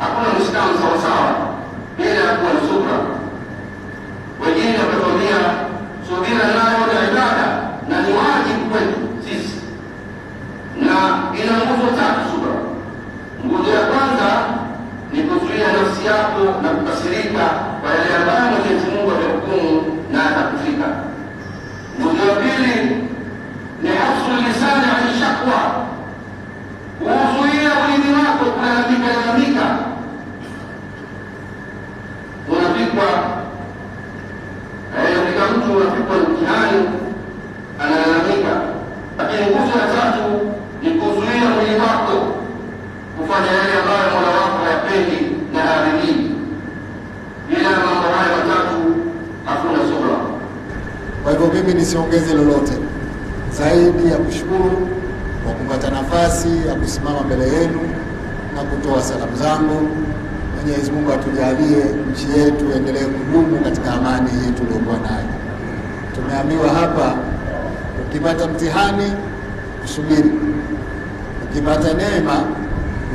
hakuna Uislamu sawasawa bila ya kuwa subra. Wengine wamekwambia subira nayo na ibada na ni wajibu kwetu sisi, na ina nguzo tatu subra. Nguzo ya kwanza ni kuzuia nafsi yako na kukasirika kwa yale ambayo Mwenyezi Mungu amehukumu na atakufika. Nguzo ya pili ni hasru lisani ani shakwa, kuuzuia ulimi wako kulalamika lalamika anapikwa eh, katika mtu anapikwa mtihani, analalamika. Lakini nguzo ya tatu ni kuzuia mwili wako kufanya yale ambayo Mola wako hayapendi na hayaridhii. Bila mambo haya matatu hakuna sura. Kwa hivyo mimi nisiongeze lolote zaidi ya kushukuru kwa kupata nafasi ya kusimama mbele yenu na kutoa salamu zangu. Mwenyezi Mungu atujalie nchi yetu endelee kudumu katika amani hii tuliokuwa nayo. Tumeambiwa hapa, ukipata mtihani usubiri, ukipata neema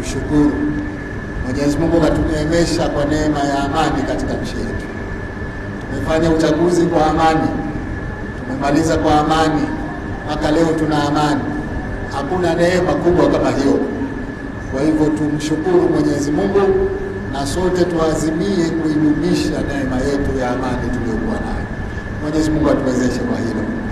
ushukuru. Mwenyezi Mungu katuneemesha kwa neema ya amani katika nchi yetu. Tumefanya uchaguzi kwa amani, tumemaliza kwa amani, mpaka leo tuna amani. Hakuna neema kubwa kama hiyo. Kwa hivyo tumshukuru Mwenyezi Mungu na sote tuazimie kuidumisha neema yetu ya amani tuliyokuwa nayo. Mwenyezi Mungu atuwezeshe kwa hilo.